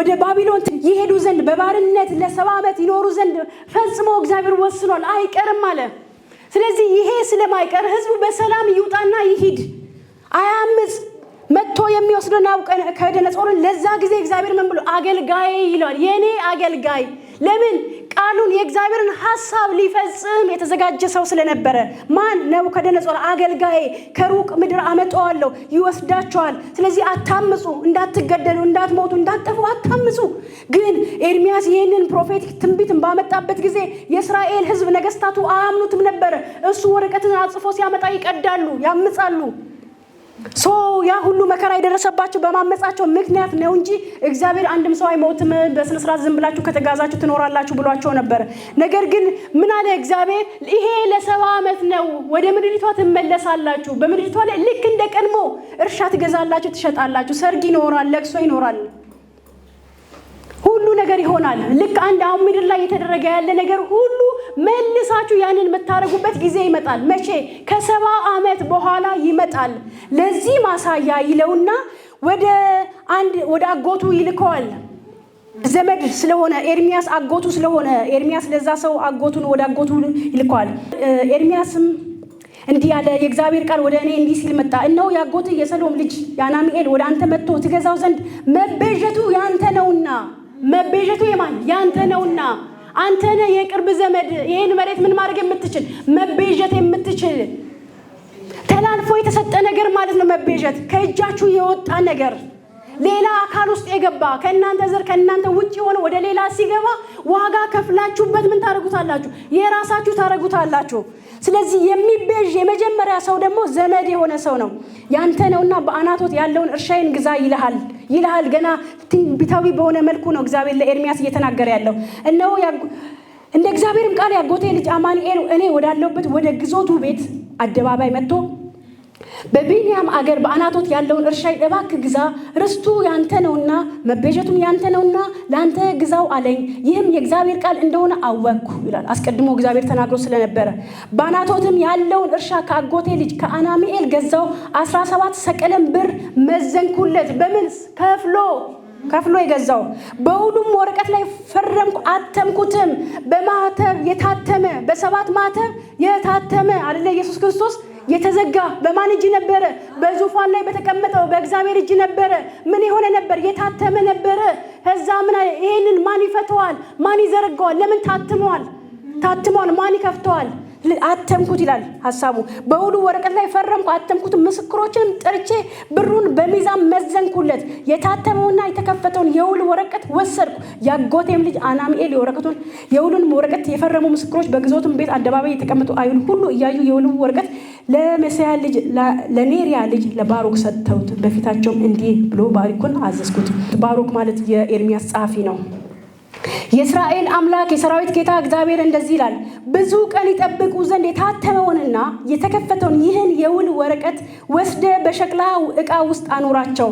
ወደ ባቢሎን ይሄዱ ዘንድ በባርነት ለሰባ ዓመት ይኖሩ ዘንድ ፈጽሞ እግዚአብሔር ወስኗል፣ አይቀርም አለ። ስለዚህ ይሄ ስለማይቀር ህዝቡ በሰላም ይውጣና ይሂድ፣ አያምፅ። መጥቶ የሚወስደው ከደነጾርን ለዛ ጊዜ እግዚአብሔር ምን ብሎ አገልጋይ ይለዋል፣ የእኔ አገልጋይ ለምን ቃሉን የእግዚአብሔርን ሀሳብ ሊፈጽም የተዘጋጀ ሰው ስለነበረ ማን ናቡከደነጾር አገልጋዬ ከሩቅ ምድር አመጣዋለሁ፣ ይወስዳቸዋል። ስለዚህ አታምፁ፣ እንዳትገደሉ፣ እንዳትሞቱ፣ እንዳትጠፉ አታምፁ። ግን ኤርሚያስ ይህንን ፕሮፌቲክ ትንቢትን ባመጣበት ጊዜ የእስራኤል ህዝብ ነገስታቱ አያምኑትም ነበረ። እሱ ወረቀትን አጽፎ ሲያመጣ ይቀዳሉ፣ ያምፃሉ። ሶ ያ ሁሉ መከራ የደረሰባቸው በማመጻቸው ምክንያት ነው እንጂ እግዚአብሔር አንድም ሰው አይሞትም፣ በስነ ዝም ብላችሁ ከተጋዛችሁ ትኖራላችሁ ብሏቸው ነበር። ነገር ግን ምን አለ እግዚአብሔር? ይሄ ለሰባ ዓመት ነው፣ ወደ ምድሪቷ ትመለሳላችሁ። በምድሪቷ ላይ ልክ እንደ ቀድሞ እርሻ ትገዛላችሁ፣ ትሸጣላችሁ፣ ሰርግ ይኖራል፣ ለቅሶ ይኖራል። ነገር ይሆናል። ልክ አንድ አሁን ምድር ላይ እየተደረገ ያለ ነገር ሁሉ መልሳችሁ ያንን የምታደርጉበት ጊዜ ይመጣል። መቼ? ከሰባ ዓመት በኋላ ይመጣል። ለዚህ ማሳያ ይለውና ወደ አንድ ወደ አጎቱ ይልከዋል። ዘመድ ስለሆነ ኤርሚያስ አጎቱ ስለሆነ ኤርሚያስ ለዛ ሰው አጎቱን ወደ አጎቱ ይልከዋል። ኤርሚያስም እንዲህ ያለ የእግዚአብሔር ቃል ወደ እኔ እንዲህ ሲል መጣ። እነሆ ያጎት የሰሎም ልጅ ያናሚኤል ወደ አንተ መጥቶ ትገዛው ዘንድ መቤዠቱ ያንተ ነውና መቤዠቱ የማን ያንተ ነውና አንተ ነህ የቅርብ ዘመድ ይህን መሬት ምን ማድረግ የምትችል መቤዠት የምትችል ተላልፎ የተሰጠ ነገር ማለት ነው መቤዠት ከእጃችሁ የወጣ ነገር ሌላ አካል ውስጥ የገባ ከእናንተ ዘር ከእናንተ ውጭ የሆነ ወደ ሌላ ሲገባ ዋጋ ከፍላችሁበት ምን ታደርጉታላችሁ የራሳችሁ ታደርጉታላችሁ ስለዚህ የሚቤዥ የመጀመሪያ ሰው ደግሞ ዘመድ የሆነ ሰው ነው ያንተ ነውና በአናቶት ያለውን እርሻዬን ግዛ ይልሃል ይልሃል። ገና ትንቢታዊ በሆነ መልኩ ነው እግዚአብሔር ለኤርሚያስ እየተናገረ ያለው። እነሆ እንደ እግዚአብሔርም ቃል ያጎቴ ልጅ አማኒኤል እኔ ወዳለሁበት ወደ ግዞቱ ቤት አደባባይ መጥቶ በቤንያም አገር በአናቶት ያለውን እርሻ እባክህ ግዛ፣ ርስቱ ያንተ ነውና መቤዠቱም ያንተ ነውና ለአንተ ግዛው አለኝ። ይህም የእግዚአብሔር ቃል እንደሆነ አወቅኩ ይላል። አስቀድሞ እግዚአብሔር ተናግሮ ስለነበረ በአናቶትም ያለውን እርሻ ከአጎቴ ልጅ ከአናሚኤል ገዛው፣ 17 ሰቀለም ብር መዘንኩለት። በምንስ ከፍሎ ከፍሎ የገዛው በሁሉም ወረቀት ላይ ፈረምኩ አተምኩትም። በማተብ የታተመ በሰባት ማተብ የታተመ አደለ ኢየሱስ ክርስቶስ የተዘጋ በማን እጅ ነበረ? በዙፋን ላይ በተቀመጠው በእግዚአብሔር እጅ ነበረ። ምን የሆነ ነበር? የታተመ ነበረ። ከዛ ምን አለ? ይሄንን ማን ይፈተዋል? ማን ይዘረጋዋል? ለምን ታትመዋል? ታትመዋል። ማን ይከፍተዋል? አተምኩት ይላል ሀሳቡ። በውሉ ወረቀት ላይ ፈረምኩ፣ አተምኩት፣ ምስክሮችንም ጠርቼ ብሩን በሚዛን መዘንኩለት። የታተመውና የተከፈተውን የውል ወረቀት ወሰድኩ። ያጎቴም ልጅ አናሚኤል የወረቀቱን የውሉን ወረቀት የፈረሙ ምስክሮች በግዞትም ቤት አደባባይ የተቀመጡ አይሁድ ሁሉ እያዩ የውሉ ወረቀት ለመሳያ ልጅ ለኔሪያ ልጅ ለባሮክ ሰጥተውት በፊታቸውም እንዲህ ብሎ ባሪኩን አዘዝኩት። ባሮክ ማለት የኤርሚያስ ጸሐፊ ነው። የእስራኤል አምላክ የሰራዊት ጌታ እግዚአብሔር እንደዚህ ይላል፣ ብዙ ቀን ይጠብቁ ዘንድ የታተመውንና የተከፈተውን ይህን የውል ወረቀት ወስደ በሸክላ ዕቃ ውስጥ አኖራቸው።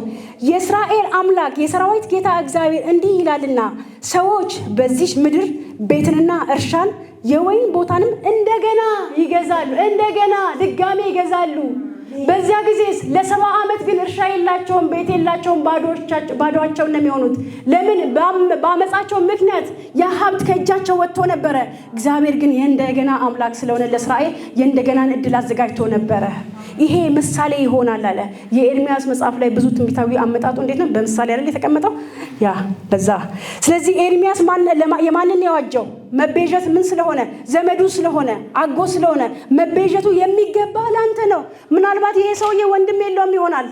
የእስራኤል አምላክ የሰራዊት ጌታ እግዚአብሔር እንዲህ ይላልና ሰዎች በዚህ ምድር ቤትንና እርሻን የወይን ቦታንም እንደገና ይገዛሉ። እንደገና ድጋሜ ይገዛሉ። በዚያ ጊዜ ለሰባ ዓመት ግን እርሻ የላቸውም፣ ቤት የላቸውም፣ ባዶቸውን ነው የሚሆኑት። ለምን? በአመፃቸው ምክንያት ያ ሀብት ከእጃቸው ወጥቶ ነበረ። እግዚአብሔር ግን የእንደገና አምላክ ስለሆነ ለእስራኤል የእንደገናን እድል አዘጋጅቶ ነበረ። ይሄ ምሳሌ ይሆናል አለ። የኤርሚያስ መጽሐፍ ላይ ብዙ ትንቢታዊ አመጣጡ እንዴት ነው? በምሳሌ አይደል የተቀመጠው? ያ በዛ። ስለዚህ ኤርሚያስ የማንን ያዋጀው መቤዠት ምን ስለሆነ? ዘመዱ ስለሆነ፣ አጎ ስለሆነ መቤዠቱ የሚገባ ለአንተ ነው። ምናልባት ይሄ ሰውዬ ወንድም የለውም ይሆናል።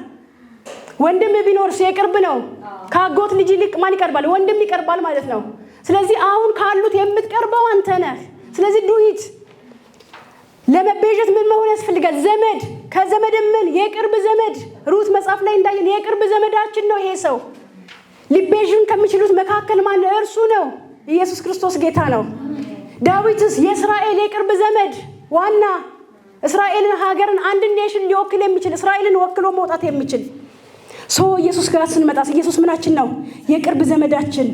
ወንድም ቢኖርስ የቅርብ ነው። ከአጎት ልጅ ይልቅ ማን ይቀርባል? ወንድም ይቀርባል ማለት ነው። ስለዚህ አሁን ካሉት የምትቀርበው አንተ ነህ። ስለዚህ ዱሂት ለመቤዠት ምን መሆን ያስፈልጋል? ዘመድ ከዘመድ ምን የቅርብ ዘመድ ሩት መጽሐፍ ላይ እንዳየን የቅርብ ዘመዳችን ነው ይሄ ሰው። ሊቤዥን ከሚችሉት መካከል ማን እርሱ ነው። ኢየሱስ ክርስቶስ ጌታ ነው። ዳዊትስ የእስራኤል የቅርብ ዘመድ ዋና እስራኤልን ሀገርን አንድ ኔሽን ሊወክል የሚችል እስራኤልን ወክሎ መውጣት የሚችል ሶ ኢየሱስ ጋር ስንመጣ ኢየሱስ ምናችን ነው? የቅርብ ዘመዳችን፣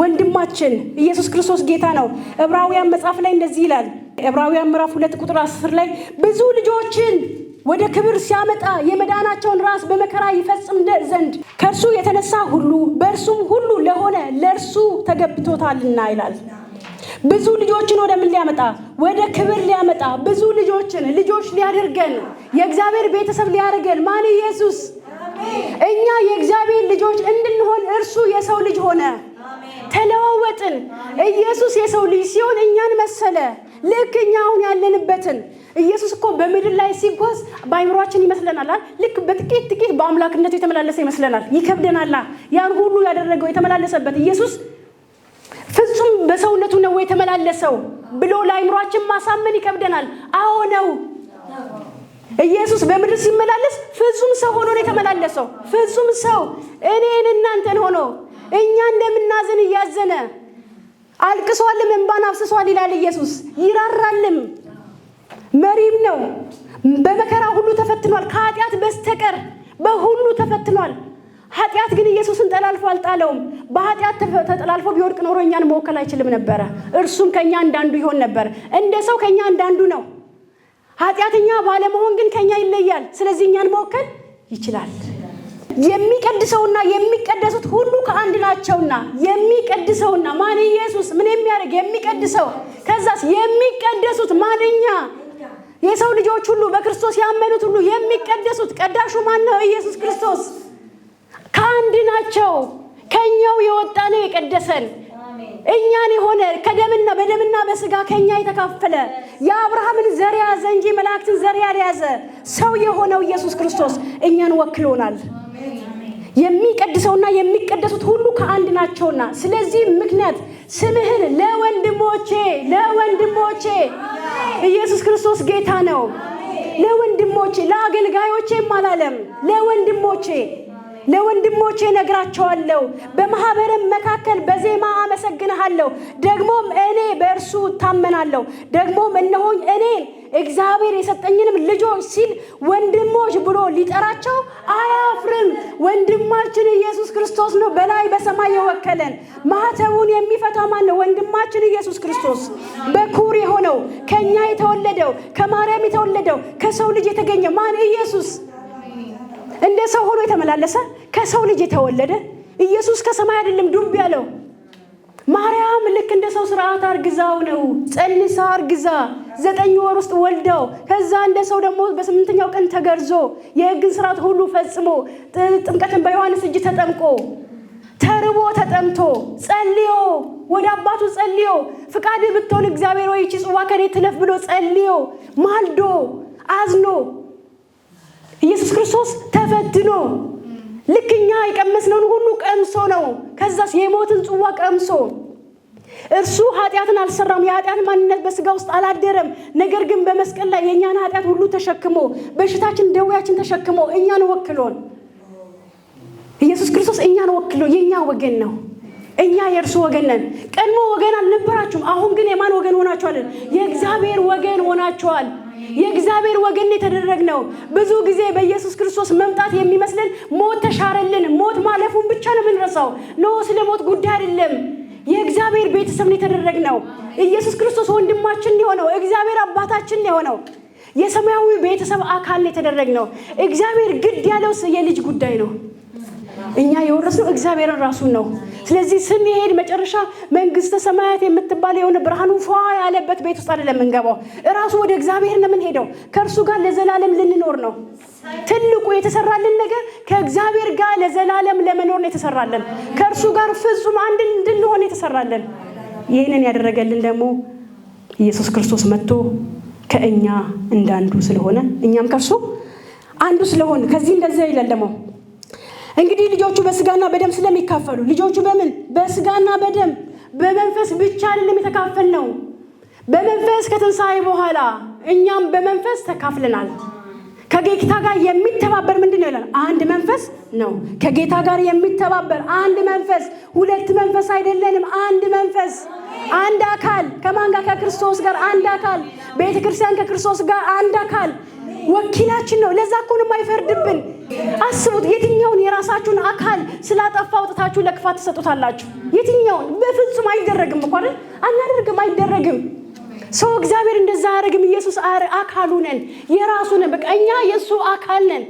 ወንድማችን ኢየሱስ ክርስቶስ ጌታ ነው። ዕብራውያን መጽሐፍ ላይ እንደዚህ ይላል ዕብራውያን ምዕራፍ ሁለት ቁጥር አስር ላይ ብዙ ልጆችን ወደ ክብር ሲያመጣ የመዳናቸውን ራስ በመከራ ይፈጽም ዘንድ ከእርሱ የተነሳ ሁሉ በእርሱም ሁሉ ለሆነ ለእርሱ ተገብቶታልና ይላል። ብዙ ልጆችን ወደ ምን ሊያመጣ ወደ ክብር ሊያመጣ ብዙ ልጆችን ልጆች ሊያደርገን የእግዚአብሔር ቤተሰብ ሊያደርገን ማን? ኢየሱስ። እኛ የእግዚአብሔር ልጆች እንድንሆን እርሱ የሰው ልጅ ሆነ። ተለዋወጥን። ኢየሱስ የሰው ልጅ ሲሆን እኛን መሰለ። ልክ እኛ አሁን ያለንበትን ኢየሱስ እኮ በምድር ላይ ሲጓዝ በአይምሯችን ይመስለናል። ልክ በጥቂት ጥቂት በአምላክነቱ የተመላለሰ ይመስለናል፣ ይከብደናል። ያን ሁሉ ያደረገው የተመላለሰበት ኢየሱስ ፍጹም በሰውነቱ ነው የተመላለሰው ብሎ ለአይምሯችን ማሳመን ይከብደናል። አዎ ነው። ኢየሱስ በምድር ሲመላለስ ፍጹም ሰው ሆኖ ነው የተመላለሰው። ፍጹም ሰው እኔን እናንተን ሆኖ እኛ እንደምናዘን እያዘነ አልቅሷልም፣ እንባን አፍስሷል ይላል ኢየሱስ። ይራራልም፣ መሪም ነው። በመከራ ሁሉ ተፈትኗል፣ ከኃጢአት በስተቀር በሁሉ ተፈትኗል። ኃጢአት ግን ኢየሱስን ጠላልፎ አልጣለውም። በኃጢአት ተጠላልፎ ቢወድቅ ኖሮ እኛን መወከል አይችልም ነበረ። እርሱም ከእኛ እንዳንዱ ይሆን ነበር። እንደ ሰው ከእኛ እንዳንዱ ነው። ኃጢአተኛ ባለመሆን ግን ከእኛ ይለያል። ስለዚህ እኛን መወከል ይችላል። የሚቀድሰውና የሚቀደሱት ሁሉ ከአንድ ናቸውና የሚቀድሰውና ማን ኢየሱስ ምን የሚያደርግ የሚቀድሰው ከዛስ የሚቀደሱት ማንኛ የሰው ልጆች ሁሉ በክርስቶስ ያመኑት ሁሉ የሚቀደሱት ቀዳሹ ማን ነው ኢየሱስ ክርስቶስ ከአንድ ናቸው ከኛው የወጣ ነው የቀደሰን እኛን የሆነ ከደምና በደምና በስጋ ከኛ የተካፈለ የአብርሃምን ዘር ያዘ እንጂ መላእክትን ዘር ያልያዘ ሰው የሆነው ኢየሱስ ክርስቶስ እኛን ወክሎናል የሚቀድሰውና የሚቀደሱት ሁሉ ከአንድ ናቸውና፣ ስለዚህ ምክንያት ስምህን ለወንድሞቼ ለወንድሞቼ ኢየሱስ ክርስቶስ ጌታ ነው። ለወንድሞቼ ለአገልጋዮቼም አላለም። ለወንድሞቼ ለወንድሞቼ ነግራቸዋለሁ። በማህበርም መካከል በዜማ አመሰግንሃለሁ። ደግሞም እኔ በእርሱ እታመናለሁ። ደግሞም እነሆኝ እኔ እግዚአብሔር የሰጠኝንም ልጆች ሲል ወንድሞች ብሎ ሊጠራቸው አያፍርም። ወንድማችን ኢየሱስ ክርስቶስ ነው በላይ በሰማይ የወከለን። ማተቡን የሚፈታ ማን ነው? ወንድማችን ኢየሱስ ክርስቶስ በኩር የሆነው ከእኛ የተወለደው ከማርያም የተወለደው ከሰው ልጅ የተገኘ ማን? ኢየሱስ እንደ ሰው ሆኖ የተመላለሰ ከሰው ልጅ የተወለደ ኢየሱስ ከሰማይ አይደለም ዱብ ያለው ማርያም ልክ እንደ ሰው ስርዓት አርግዛው ነው ጸንሳ አርግዛ ዘጠኝ ወር ውስጥ ወልዳው ከዛ እንደ ሰው ደግሞ በስምንተኛው ቀን ተገርዞ የህግን ስርዓት ሁሉ ፈጽሞ ጥምቀትን በዮሐንስ እጅ ተጠምቆ ተርቦ ተጠምቶ ጸልዮ ወደ አባቱ ጸልዮ ፍቃድ ብትሆን እግዚአብሔር ወይ ይቺ ጽዋ ከኔ ትለፍ ብሎ ጸልዮ ማልዶ አዝኖ ኢየሱስ ክርስቶስ ተፈትኖ ልክኛ የቀመስነውን ሁሉ ቀምሶ ነው። ከዛስ የሞትን ጽዋ ቀምሶ እርሱ ኃጢአትን አልሰራም፣ የኃጢአት ማንነት በስጋ ውስጥ አላደረም። ነገር ግን በመስቀል ላይ የእኛን ኃጢአት ሁሉ ተሸክሞ በሽታችን፣ ደዌያችን ተሸክሞ እኛን ወክሎን ኢየሱስ ክርስቶስ እኛን ወክሎ የእኛ ወገን ነው። እኛ የእርሱ ወገን ነን። ቀድሞ ወገን አልነበራችሁም፣ አሁን ግን የማን ወገን ሆናችኋልን? የእግዚአብሔር ወገን ሆናችኋል። የእግዚአብሔር ወገን የተደረግ ነው ብዙ ጊዜ በኢየሱስ ክርስቶስ መምጣት የሚመስልን ሞት ተሻረልን፣ ሞት ማለፉን ብቻ ነው የምንረሳው። ኖ ስለ ሞት ጉዳይ አይደለም የእግዚአብሔር ቤተሰብ ነው። ኢየሱስ ክርስቶስ ወንድማችን የሆነው እግዚአብሔር አባታችን የሆነው የሰማያዊ ቤተሰብ አካል የተደረግ ነው። እግዚአብሔር ግድ ያለው የልጅ ጉዳይ ነው። እኛ የወረስነው እግዚአብሔርን ራሱን ነው። ስለዚህ ስንሄድ መጨረሻ መንግስተ ሰማያት የምትባል የሆነ ብርሃኑ ፏ ያለበት ቤት ውስጥ አይደለም የምንገባው፣ እራሱ ወደ እግዚአብሔር ነው የምንሄደው። ከእርሱ ጋር ለዘላለም ልንኖር ነው። ትልቁ የተሰራልን ነገር ከእግዚአብሔር ጋር ለዘላለም ለመኖር ነው የተሰራለን። ከእርሱ ጋር ፍጹም አንድ እንድንሆን የተሰራለን። ይህንን ያደረገልን ደግሞ ኢየሱስ ክርስቶስ መጥቶ ከእኛ እንዳንዱ ስለሆነ እኛም ከእርሱ አንዱ ስለሆን ከዚህ እንደዚያ ይለለመው እንግዲህ ልጆቹ በስጋና በደም ስለሚካፈሉ ልጆቹ በምን በስጋና በደም በመንፈስ ብቻ አይደለም የተካፈል ነው። በመንፈስ ከትንሣኤ በኋላ እኛም በመንፈስ ተካፍለናል። ከጌታ ጋር የሚተባበር ምንድን ነው ይላል? አንድ መንፈስ ነው። ከጌታ ጋር የሚተባበር አንድ መንፈስ፣ ሁለት መንፈስ አይደለንም። አንድ መንፈስ፣ አንድ አካል። ከማን ጋር? ከክርስቶስ ጋር አንድ አካል። ቤተ ክርስቲያን ከክርስቶስ ጋር አንድ አካል ወኪላችን ነው። ለዛ እኮ ነው የማይፈርድብን። አስቡት፣ የትኛውን የራሳችሁን አካል ስላጠፋ አውጥታችሁ ለክፋት ትሰጡታላችሁ? የትኛውን? በፍጹም አይደረግም እኮ አይደል? አናደርግም፣ አይደረግም። ሰው እግዚአብሔር እንደዛ አያደርግም። ኢየሱስ አካሉ ነን፣ የራሱ ነን። በቃ እኛ የእሱ አካል ነን።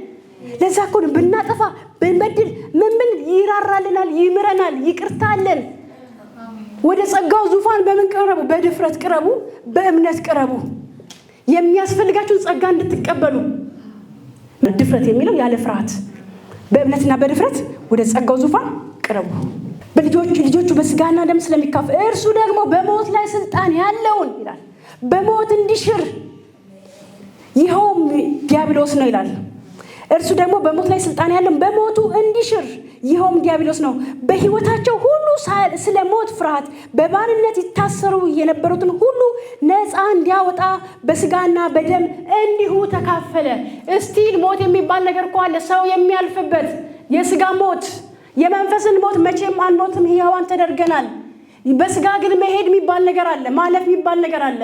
ለዛ እኮ ነው ብናጠፋ፣ ብንበድል፣ ምንምን ይራራልናል፣ ይምረናል፣ ይቅርታለን። ወደ ጸጋው ዙፋን በምን ቅረቡ? በድፍረት ቅረቡ፣ በእምነት ቅረቡ። የሚያስፈልጋችሁን ጸጋ እንድትቀበሉ ድፍረት የሚለው ያለ ፍርሃት በእምነትና በድፍረት ወደ ጸጋው ዙፋን ቅረቡ። በልጆቹ ልጆቹ በስጋና ደም ስለሚካፈል እርሱ ደግሞ በሞት ላይ ስልጣን ያለውን ይላል በሞት እንዲሽር ይኸውም ዲያብሎስ ነው ይላል። እርሱ ደግሞ በሞት ላይ ስልጣን ያለን በሞቱ እንዲሽር ይኸውም ዲያብሎስ ነው። በህይወታቸው ሁሉ ስለ ሞት ፍርሃት በባርነት ይታሰሩ የነበሩትን ሁሉ ነፃ እንዲያወጣ በስጋና በደም እንዲሁ ተካፈለ። እስቲል ሞት የሚባል ነገር እኮ አለ። ሰው የሚያልፍበት የስጋ ሞት፣ የመንፈስን ሞት መቼም አንሞትም፣ ህያዋን ተደርገናል። በስጋ ግን መሄድ የሚባል ነገር አለ። ማለፍ የሚባል ነገር አለ።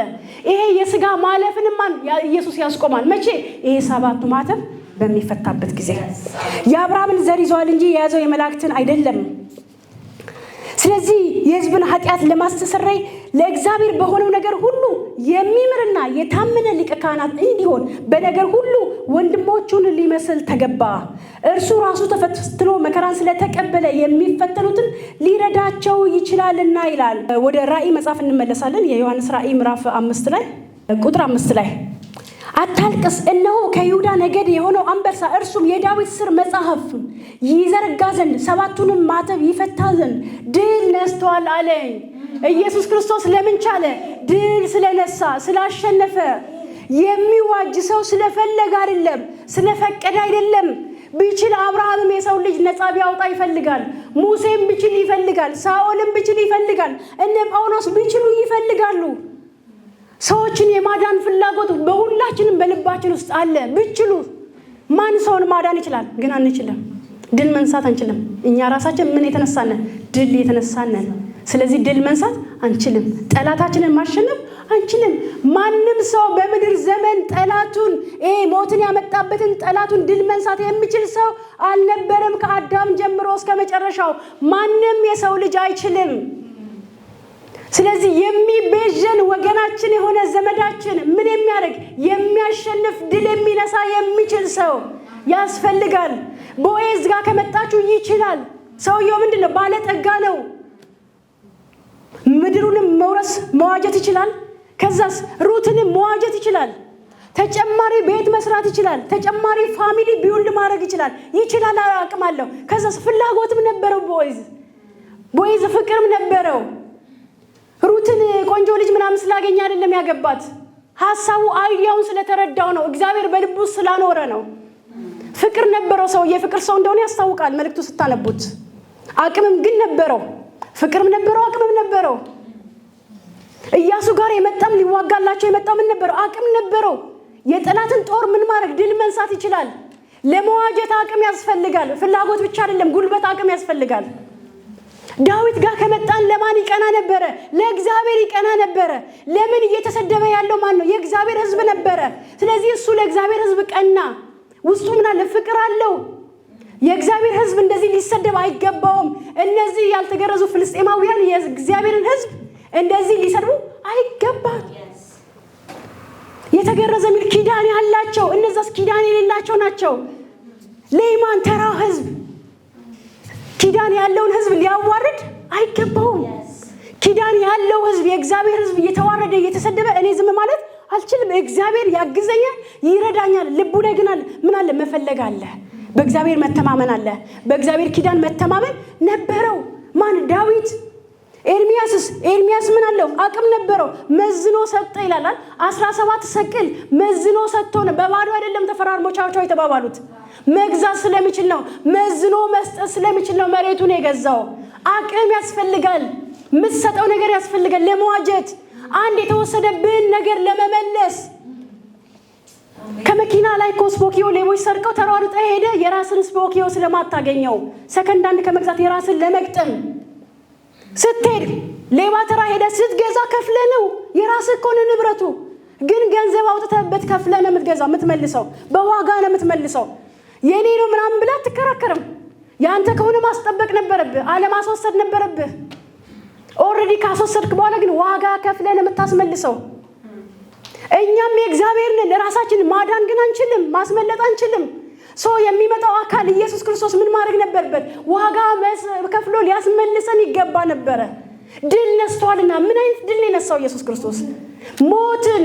ይሄ የስጋ ማለፍንማ ኢየሱስ ያስቆማል። መቼ? ይሄ ሰባቱ ማተብ በሚፈታበት ጊዜ የአብርሃምን ዘር ይዘዋል እንጂ የያዘው የመላእክትን አይደለም። ስለዚህ የህዝብን ኃጢአት ለማስተሰረይ ለእግዚአብሔር በሆነው ነገር ሁሉ የሚምርና የታመነ ሊቀ ካህናት እንዲሆን በነገር ሁሉ ወንድሞቹን ሊመስል ተገባ። እርሱ ራሱ ተፈትኖ መከራን ስለተቀበለ የሚፈተኑትን ሊረዳቸው ይችላልና ይላል። ወደ ራእይ መጽሐፍ እንመለሳለን። የዮሐንስ ራእይ ምዕራፍ አምስት ላይ ቁጥር አምስት ላይ አታልቅስ፣ እነሆ ከይሁዳ ነገድ የሆነው አንበሳ እርሱም የዳዊት ስር መጽሐፍ ይዘረጋ ዘንድ ሰባቱንም ማተብ ይፈታ ዘንድ ድል ነስተዋል አለኝ። ኢየሱስ ክርስቶስ ለምን ቻለ? ድል ስለነሳ ስላሸነፈ። የሚዋጅ ሰው ስለፈለገ አይደለም፣ ስለፈቀደ አይደለም። ቢችል አብርሃምም የሰው ልጅ ነጻ ቢያወጣ ይፈልጋል። ሙሴም ቢችል ይፈልጋል። ሳኦልም ቢችል ይፈልጋል። እነ ጳውሎስ ቢችሉ ይፈልጋሉ። ሰዎችን የማዳን ፍላጎት በሁላችንም በልባችን ውስጥ አለ። ብችሉ ማን ሰውን ማዳን ይችላል? ግን አንችልም። ድል መንሳት አንችልም። እኛ ራሳችን ምን የተነሳነን? ድል የተነሳነን። ስለዚህ ድል መንሳት አንችልም። ጠላታችንን ማሸነፍ አንችልም። ማንም ሰው በምድር ዘመን ጠላቱን ይሄ ሞትን ያመጣበትን ጠላቱን ድል መንሳት የሚችል ሰው አልነበረም። ከአዳም ጀምሮ እስከ መጨረሻው ማንም የሰው ልጅ አይችልም። ስለዚህ የሚቤዠን ወገናችን የሆነ ዘመዳችን ምን የሚያደርግ የሚያሸንፍ ድል የሚነሳ የሚችል ሰው ያስፈልጋል። ቦዔዝ ጋር ከመጣችሁ ይችላል። ሰውየው ምንድን ነው? ባለጠጋ ነው። ምድሩንም መውረስ መዋጀት ይችላል። ከዛስ ሩትንም መዋጀት ይችላል። ተጨማሪ ቤት መስራት ይችላል። ተጨማሪ ፋሚሊ ቢውልድ ማድረግ ይችላል። ይችላል፣ አቅም አለው። ከዛስ ፍላጎትም ነበረው ቦይዝ ቦይዝ ፍቅርም ነበረው። ሩትን ቆንጆ ልጅ ምናምን ስላገኘ አይደለም ያገባት። ሀሳቡ አይዲያውን ስለተረዳው ነው። እግዚአብሔር በልቡ ስላኖረ ነው። ፍቅር ነበረው። ሰው የፍቅር ሰው እንደሆነ ያስታውቃል መልእክቱ ስታነቡት። አቅምም ግን ነበረው። ፍቅርም ነበረው፣ አቅምም ነበረው። እያሱ ጋር የመጣም ሊዋጋላቸው የመጣ ምን ነበረው? አቅም ነበረው። የጠላትን ጦር ምን ማድረግ ድል መንሳት ይችላል። ለመዋጀት አቅም ያስፈልጋል። ፍላጎት ብቻ አይደለም፣ ጉልበት አቅም ያስፈልጋል። ዳዊት ጋር ከመጣን ለማን ይቀና ነበረ? ለእግዚአብሔር ይቀና ነበረ። ለምን እየተሰደበ ያለው ማን ነው? የእግዚአብሔር ሕዝብ ነበረ። ስለዚህ እሱ ለእግዚአብሔር ሕዝብ ቀና። ውስጡ ምን አለ? ፍቅር አለው። የእግዚአብሔር ሕዝብ እንደዚህ ሊሰደብ አይገባውም። እነዚህ ያልተገረዙ ፍልስጤማውያን የእግዚአብሔርን ሕዝብ እንደዚህ ሊሰድቡ አይገባም። የተገረዘ የሚል ኪዳን ያላቸው እነዛስ ኪዳን የሌላቸው ናቸው። ሌማን ተራው ሕዝብ ኪዳን ያለውን ሕዝብ ሊያዋ አይገባውም። ኪዳን ያለው ህዝብ የእግዚአብሔር ህዝብ እየተዋረደ እየተሰደበ እኔ ዝም ማለት አልችልም። እግዚአብሔር ያግዘኛል፣ ይረዳኛል። ልቡ ላይ ግን ምን አለ? መፈለግ አለ። በእግዚአብሔር መተማመን አለ። በእግዚአብሔር ኪዳን መተማመን ነበረው። ማን? ዳዊት። ኤርሚያስስ? ኤርሚያስ ምን አለው? አቅም ነበረው። መዝኖ ሰጠ ይላላል። አስራ ሰባት ሰቅል መዝኖ ሰጥቶ ነው። በባዶ አይደለም ተፈራርሞ ቻውቻው የተባባሉት። መግዛት ስለሚችል ነው። መዝኖ መስጠት ስለሚችል ነው መሬቱን የገዛው። አቅም ያስፈልጋል። የምትሰጠው ነገር ያስፈልጋል ለመዋጀት አንድ የተወሰደብህን ነገር ለመመለስ ከመኪና ላይ እኮ ስፖኪዮ ሌቦች ሰርቀው ተሯሩጠ ሄደ። የራስን ስፖኪዮ ስለማታገኘው ሰከንድ አንድ ከመግዛት የራስን ለመግጠም ስትሄድ ሌባ ተራ ሄደ ስትገዛ ከፍለ ነው የራስ ከሆነ ንብረቱ ግን ገንዘብ አውጥተህበት ከፍለ ነው የምትገዛው የምትመልሰው በዋጋ ነው የምትመልሰው የኔ ነው ምናምን ብላ አትከራከርም። ያንተ ከሆነ ማስጠበቅ ነበረብህ፣ አለማስወሰድ ነበረብህ። ኦልሬዲ ካስወሰድክ በኋላ ግን ዋጋ ከፍለን የምታስመልሰው እኛም የእግዚአብሔር ነን። ራሳችን ማዳን ግን አንችልም፣ ማስመለጥ አንችልም። ሰው የሚመጣው አካል ኢየሱስ ክርስቶስ ምን ማድረግ ነበርበት ዋጋ ከፍሎ ሊያስመልሰን ይገባ ነበረ። ድል ነስተዋልና። ምን አይነት ድል ነው የነሳው ኢየሱስ ክርስቶስ? ሞትን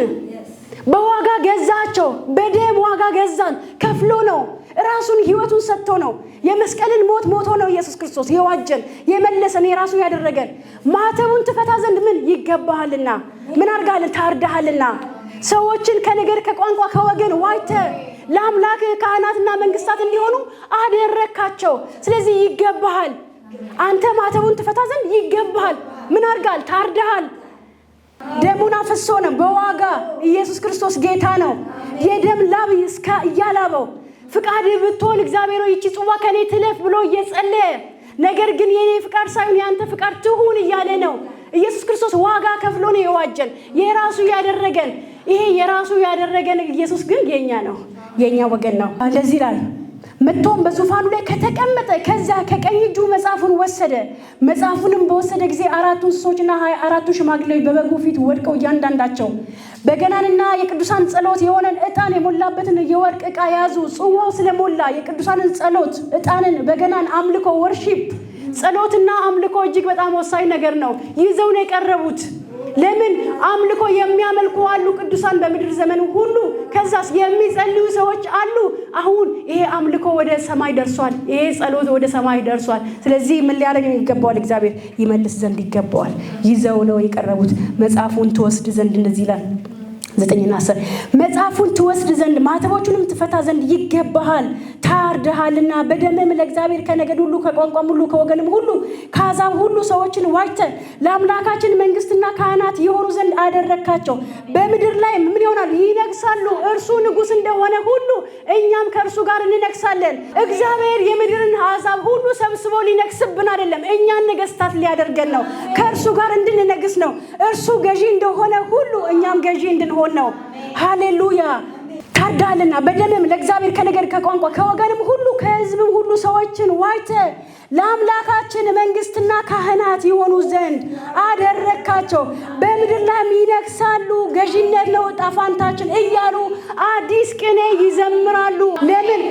በዋጋ ገዛቸው። በደም ዋጋ ገዛን። ከፍሎ ነው ራሱን ህይወቱን ሰጥቶ ነው የመስቀልን ሞት ሞቶ ነው ኢየሱስ ክርስቶስ የዋጀን የመለሰን የራሱን ያደረገን። ማተቡን ትፈታ ዘንድ ምን ይገባሃልና፣ ምን አድርጋልን? ታርዳሃልና። ሰዎችን ከነገር ከቋንቋ ከወገን ዋይተ ለአምላክ ካህናትና መንግስታት እንዲሆኑ አደረካቸው። ስለዚህ ይገባሃል። አንተ ማተቡን ትፈታ ዘንድ ይገባሃል። ምን አድርጋል? ታርደሃል። ደሙን አፍሶ ነው በዋጋ ኢየሱስ ክርስቶስ ጌታ ነው። የደም ላብ እስከ እያላበው ፍቃድ ብትሆን እግዚአብሔር ይቺ ጽዋ ከኔ ትለፍ ብሎ እየጸለየ ነገር ግን የኔ ፍቃድ ሳይሆን የአንተ ፍቃድ ትሁን እያለ ነው። ኢየሱስ ክርስቶስ ዋጋ ከፍሎ ነው የዋጀን የራሱ ያደረገን። ይሄ የራሱ ያደረገን ኢየሱስ ግን የኛ ነው፣ የኛ ወገን ነው። ለዚህ ይላል መጥቶም በዙፋኑ ላይ ከተቀመጠ ከዚያ ከቀኝ እጁ መጽሐፉን ወሰደ። መጽሐፉንም በወሰደ ጊዜ አራቱ እንስሶችና ሀያ አራቱ ሽማግሌዎች በበጉ ፊት ወድቀው እያንዳንዳቸው በገናንና የቅዱሳን ጸሎት የሆነን ዕጣን የሞላበትን የወርቅ ዕቃ ያዙ። ጽዋው ስለሞላ የቅዱሳንን ጸሎት ዕጣንን፣ በገናን፣ አምልኮ ወርሺፕ፣ ጸሎትና አምልኮ እጅግ በጣም ወሳኝ ነገር ነው። ይዘው ነው የቀረቡት። ለምን አምልኮ የሚያመልኩ አሉ ቅዱሳን በምድር ዘመን ሁሉ። ከዛስ የሚጸልዩ ሰዎች አሉ። አሁን ይሄ አምልኮ ወደ ሰማይ ደርሷል። ይሄ ጸሎት ወደ ሰማይ ደርሷል። ስለዚህ ምን ሊያደርግ ይገባዋል? እግዚአብሔር ይመልስ ዘንድ ይገባዋል። ይዘው ነው የቀረቡት። መጽሐፉን ትወስድ ዘንድ እንደዚህ ይላል ዘጠኝና አስር መጽሐፉን ትወስድ ዘንድ ማተቦቹንም ትፈታ ዘንድ ይገባሃል። ታርደሃልና በደምም ለእግዚአብሔር ከነገድ ሁሉ ከቋንቋም ሁሉ ከወገንም ሁሉ ከአሕዛብ ሁሉ ሰዎችን ዋጅተ ለአምላካችን መንግስትና ካህናት የሆኑ ዘንድ አደረግካቸው። በምድር ላይ ምን ይሆናሉ? ይነግሳሉ። እርሱ ንጉስ እንደሆነ ሁሉ እኛም ከእርሱ ጋር እንነግሳለን። እግዚአብሔር የምድርን አሕዛብ ሁሉ ሰብስቦ ሊነግስብን አይደለም፣ እኛን ነገስታት ሊያደርገን ነው። ከእርሱ ጋር እንድንነግስ ነው። እርሱ ገዢ እንደሆነ ሁሉ እኛም ገዢ እንድንሆን የሚሆን ነው። ሃሌሉያ ታርዳልና በደምም ለእግዚአብሔር ከነገድ ከቋንቋ ከወገንም ሁሉ ከህዝብም ሁሉ ሰዎችን ዋይተ ለአምላካችን መንግስትና ካህናት የሆኑ ዘንድ አደረካቸው በምድር ላይ ይነግሳሉ፣ ገዥነት ለውጣ ፋንታችን እያሉ አዲስ ቅኔ ይዘምራሉ። ለምን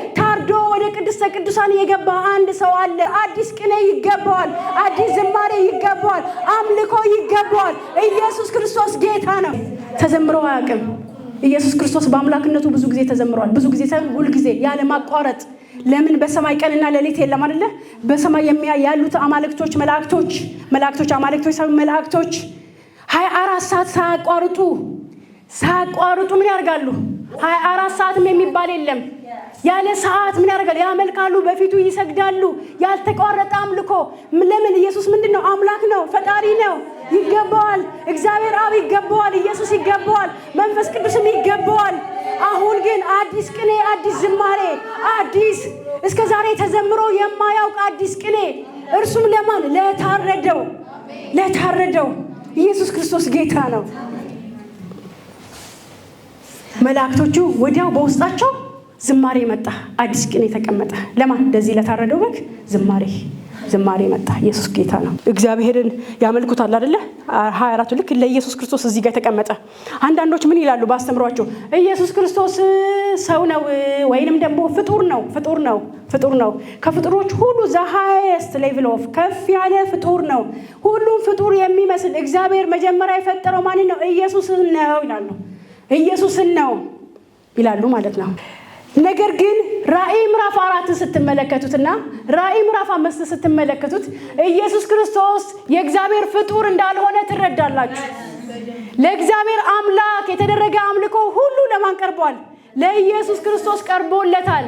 ወርዶ ወደ ቅድስተ ቅዱሳን የገባ አንድ ሰው አለ። አዲስ ቅኔ ይገባዋል። አዲስ ዝማሬ ይገባዋል። አምልኮ ይገባዋል። ኢየሱስ ክርስቶስ ጌታ ነው። ተዘምሮ አያውቅም። ኢየሱስ ክርስቶስ በአምላክነቱ ብዙ ጊዜ ተዘምሯል። ብዙ ጊዜ ሳይሆን ሁልጊዜ ያለ ማቋረጥ። ለምን በሰማይ ቀንና ሌሊት የለም አይደለ? በሰማይ የሚያ ያሉት አማልክቶች መላእክቶች መላእክቶች አማልክቶች ሳይሆን መላእክቶች ሀያ አራት ሰዓት ሳያቋርጡ ሳያቋርጡ ምን ያደርጋሉ? ሀያ አራት ሰዓትም የሚባል የለም። ያለ ሰዓት ምን ያደርጋል? ያመልካሉ፣ በፊቱ ይሰግዳሉ። ያልተቋረጠ አምልኮ ለምን? ኢየሱስ ምንድን ነው? አምላክ ነው፣ ፈጣሪ ነው፣ ይገባዋል። እግዚአብሔር አብ ይገባዋል፣ ኢየሱስ ይገባዋል፣ መንፈስ ቅዱስም ይገባዋል። አሁን ግን አዲስ ቅኔ፣ አዲስ ዝማሬ፣ አዲስ እስከ ዛሬ ተዘምሮ የማያውቅ አዲስ ቅኔ። እርሱም ለማን? ለታረደው፣ ለታረደው። ኢየሱስ ክርስቶስ ጌታ ነው። መላእክቶቹ ወዲያው በውስጣቸው ዝማሬ መጣ። አዲስ ቅኔ የተቀመጠ ለማን? እንደዚህ ለታረደው በግ ዝማሬ ዝማሬ መጣ። ኢየሱስ ጌታ ነው። እግዚአብሔርን ያመልኩታል አደለ? ሀያ አራቱ ልክ ለኢየሱስ ክርስቶስ እዚህ ጋር የተቀመጠ። አንዳንዶች ምን ይላሉ ባስተምሯቸው? ኢየሱስ ክርስቶስ ሰው ነው ወይንም ደግሞ ፍጡር ነው ፍጡር ነው ፍጡር ነው ከፍጡሮች ሁሉ ዘ ሃይስት ሌቭል ኦፍ ከፍ ያለ ፍጡር ነው። ሁሉም ፍጡር የሚመስል እግዚአብሔር መጀመሪያ የፈጠረው ማንን ነው? ኢየሱስን ነው ይላሉ። ኢየሱስን ነው ይላሉ ማለት ነው። ነገር ግን ራእይ ምዕራፍ አራትን ስትመለከቱትና ራእይ ምዕራፍ አምስት ስትመለከቱት ኢየሱስ ክርስቶስ የእግዚአብሔር ፍጡር እንዳልሆነ ትረዳላችሁ። ለእግዚአብሔር አምላክ የተደረገ አምልኮ ሁሉ ለማን ቀርቧል? ለኢየሱስ ክርስቶስ ቀርቦለታል።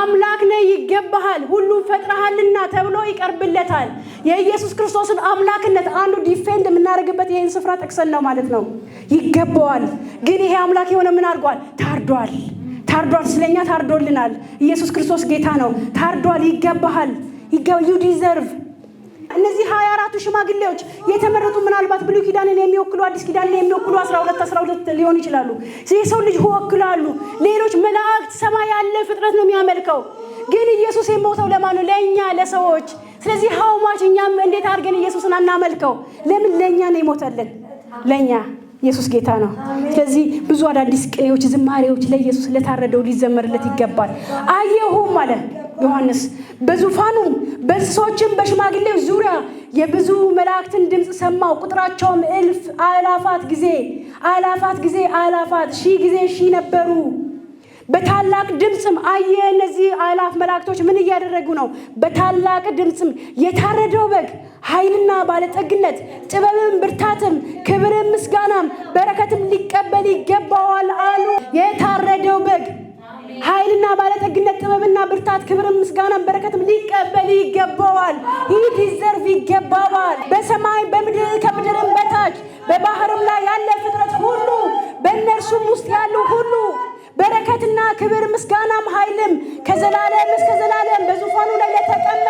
አምላክ ነህ ይገባሃል፣ ሁሉም ፈጥረሃልና ተብሎ ይቀርብለታል። የኢየሱስ ክርስቶስን አምላክነት አንዱ ዲፌንድ የምናደርግበት ይህን ስፍራ ጠቅሰን ነው ማለት ነው። ይገባዋል። ግን ይሄ አምላክ የሆነ ምን አድርጓል? ታርዷል። ታርዷል። ስለኛ ታርዶልናል። ኢየሱስ ክርስቶስ ጌታ ነው። ታርዷል። ይገባሃል። ዩ ዲዘርቭ እነዚህ ሀያ አራቱ ሽማግሌዎች የተመረጡ ምናልባት ብሉይ ኪዳንን የሚወክሉ አዲስ ኪዳንን የሚወክሉ አስራ ሁለት አስራ ሁለት ሊሆኑ ይችላሉ። የሰው ልጅ ወክላሉ። ሌሎች መላእክት፣ ሰማይ ያለ ፍጥረት ነው የሚያመልከው። ግን ኢየሱስ የሞተው ለማኑ ለእኛ ለሰዎች። ስለዚህ ሀውማች እኛም እንዴት አድርገን ኢየሱስን አናመልከው? ለምን ለእኛ ነው የሞተልን ለእኛ ኢየሱስ ጌታ ነው። ስለዚህ ብዙ አዳዲስ ቅኔዎች፣ ዝማሬዎች ለኢየሱስ ለታረደው ሊዘመርለት ይገባል። አየሁም አለ ዮሐንስ በዙፋኑ በእንስሶችም በሽማግሌው ዙሪያ የብዙ መላእክትን ድምፅ ሰማው። ቁጥራቸውም እልፍ አላፋት ጊዜ አላፋት ጊዜ አላፋት ሺህ ጊዜ ሺህ ነበሩ። በታላቅ ድምፅም አየ። እነዚህ አላፍ መላእክቶች ምን እያደረጉ ነው? በታላቅ ድምፅም የታረደው በግ ኃይልና ባለጠግነት፣ ጥበብም፣ ብርታትም፣ ክብርም፣ ምስጋናም፣ በረከትም ሊቀበል ይገባዋል አሉ። የታረደው በግ ኃይልና ባለጠግነት፣ ጥበብና ብርታት፣ ክብርም፣ ምስጋናም፣ በረከትም ሊቀበል ይገባዋል። ይህ ዲዘርቭ ይገባዋል። በሰማይ በምድር ከምድርም በታች በባህርም ላይ ያለ ፍጥረት ሁሉ በእነርሱም ውስጥ ያሉ ሁሉ ክብር ምስጋናም ኃይልም ከዘላለም እስከ ዘላለም በዙፋኑ ላይ ለተቀመጠ